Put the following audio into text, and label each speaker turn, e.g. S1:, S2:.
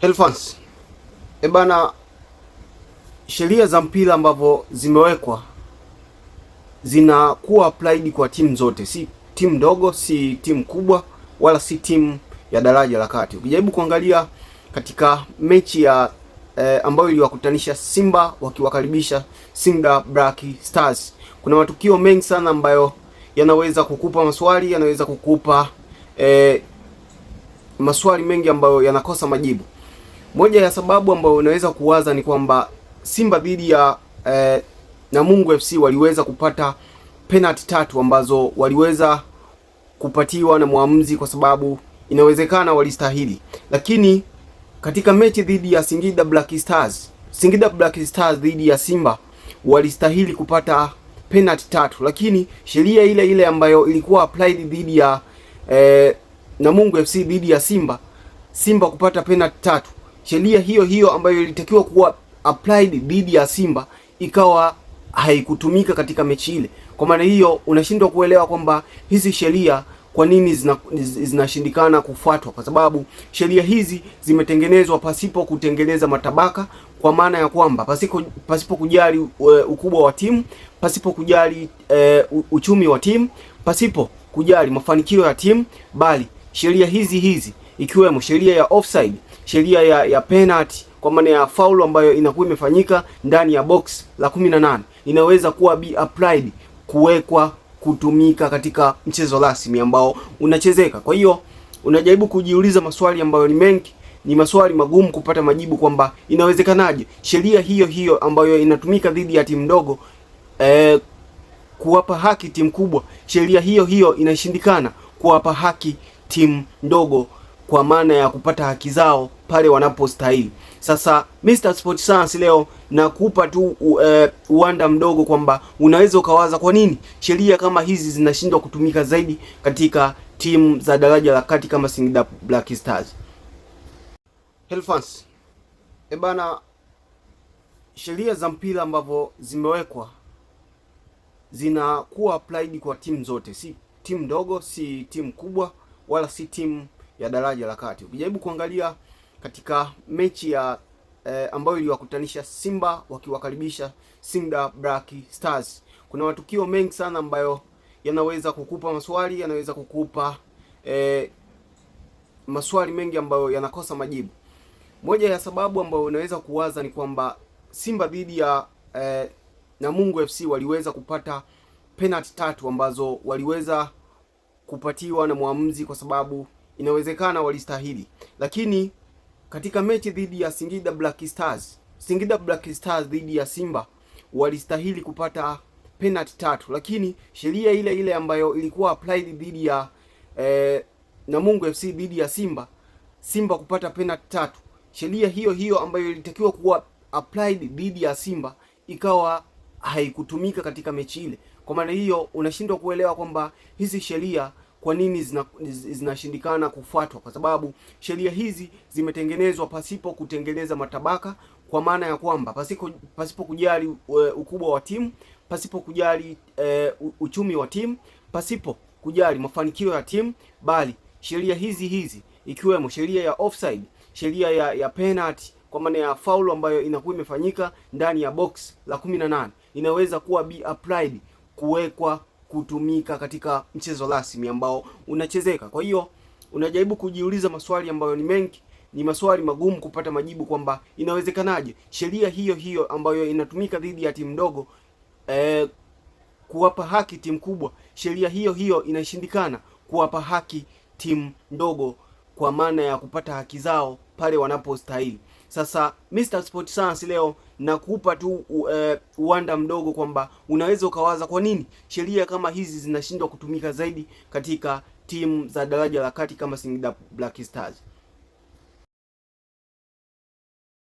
S1: Helfans, e eh, bana, sheria za mpira ambavyo zimewekwa zinakuwa applied kwa timu zote, si timu ndogo, si timu kubwa, wala si timu ya daraja la kati. Ukijaribu kuangalia katika mechi ya eh, ambayo iliwakutanisha Simba wakiwakaribisha Singida Black Stars, kuna matukio mengi sana ambayo yanaweza kukupa maswali, yanaweza kukupa eh, maswali mengi ambayo yanakosa majibu. Moja ya sababu ambayo unaweza kuwaza ni kwamba Simba dhidi ya eh, Namungo FC waliweza kupata penalti tatu ambazo waliweza kupatiwa na mwamuzi kwa sababu inawezekana walistahili, lakini katika mechi dhidi ya Singida Black Stars, Singida Black Stars dhidi ya Simba walistahili kupata penalti tatu, lakini sheria ile ile ambayo ilikuwa applied dhidi ya eh, Namungo FC dhidi ya Simba, Simba kupata penalti tatu sheria hiyo hiyo ambayo ilitakiwa kuwa applied dhidi ya Simba ikawa haikutumika katika mechi ile. Kwa maana hiyo, unashindwa kuelewa kwamba hizi sheria kwa nini zinashindikana zina kufuatwa, kwa sababu sheria hizi zimetengenezwa pasipo kutengeneza matabaka, kwa maana ya kwamba pasipo, pasipo kujali eh, ukubwa wa timu, pasipo kujali e, uchumi wa timu, pasipo kujali mafanikio ya timu, bali sheria hizi hizi ikiwemo sheria ya offside, sheria ya, ya penalty kwa maana ya faulu ambayo inakuwa imefanyika ndani ya box la 18 inaweza kuwa be applied kuwekwa kutumika katika mchezo rasmi ambao unachezeka. Kwa hiyo unajaribu kujiuliza maswali ambayo ni mengi, ni maswali magumu kupata majibu kwamba inawezekanaje sheria hiyo hiyo ambayo inatumika dhidi ya timu ndogo eh, kuwapa haki timu kubwa, sheria hiyo hiyo inashindikana kuwapa haki timu ndogo kwa maana ya kupata haki zao pale wanapostahili. Sasa Mr. Sport Science leo nakupa tu e, uwanda uh, mdogo kwamba unaweza ukawaza kwa nini sheria kama hizi zinashindwa kutumika zaidi katika timu za daraja la kati kama Singida Black Stars. Helfans, ebana, eh, sheria za mpira ambavyo zimewekwa zinakuwa applied kwa timu zote, si timu ndogo, si timu kubwa, wala si timu ya daraja la kati. Ukijaribu kuangalia katika mechi ya eh, ambayo iliwakutanisha Simba wakiwakaribisha Singida Black Stars, kuna matukio mengi sana ambayo yanaweza kukupa maswali, yanaweza kukupa eh, maswali mengi ambayo yanakosa majibu. Moja ya sababu ambayo unaweza kuwaza ni kwamba Simba dhidi ya eh, Namungo FC waliweza kupata penalti tatu ambazo waliweza kupatiwa na mwamuzi kwa sababu inawezekana walistahili, lakini katika mechi dhidi ya Singida Black Stars, Singida Black Stars dhidi ya Simba walistahili kupata penalty tatu, lakini sheria ile ile ambayo ilikuwa applied dhidi ya eh, Namungo FC dhidi ya Simba, Simba kupata penalty tatu, sheria hiyo hiyo ambayo ilitakiwa kuwa applied dhidi ya Simba ikawa haikutumika katika mechi ile. Kwa maana hiyo unashindwa kuelewa kwamba hizi sheria kwa nini zinashindikana zina kufuatwa? Kwa sababu sheria hizi zimetengenezwa pasipo kutengeneza matabaka, kwa maana ya kwamba pasipo, pasipo kujali eh, ukubwa wa timu, pasipo kujali e, uchumi wa timu, pasipo kujali mafanikio ya timu, bali sheria hizi hizi ikiwemo sheria ya offside, sheria ya, ya penalty kwa maana ya faulu ambayo inakuwa imefanyika ndani ya box la 18 inaweza kuwa be applied kuwekwa kutumika katika mchezo rasmi ambao unachezeka. Kwa hiyo unajaribu kujiuliza maswali ambayo ni mengi, ni maswali magumu kupata majibu kwamba inawezekanaje sheria hiyo hiyo ambayo inatumika dhidi ya timu ndogo eh, kuwapa haki timu kubwa, sheria hiyo hiyo inashindikana kuwapa haki timu ndogo kwa maana ya kupata haki zao pale wanapostahili. Sasa Mr. Sport Science leo nakupa tu eh, uwanda uh, uh, mdogo kwamba unaweza ukawaza kwa nini sheria kama hizi zinashindwa kutumika zaidi katika timu za daraja la kati kama Singida Black Stars.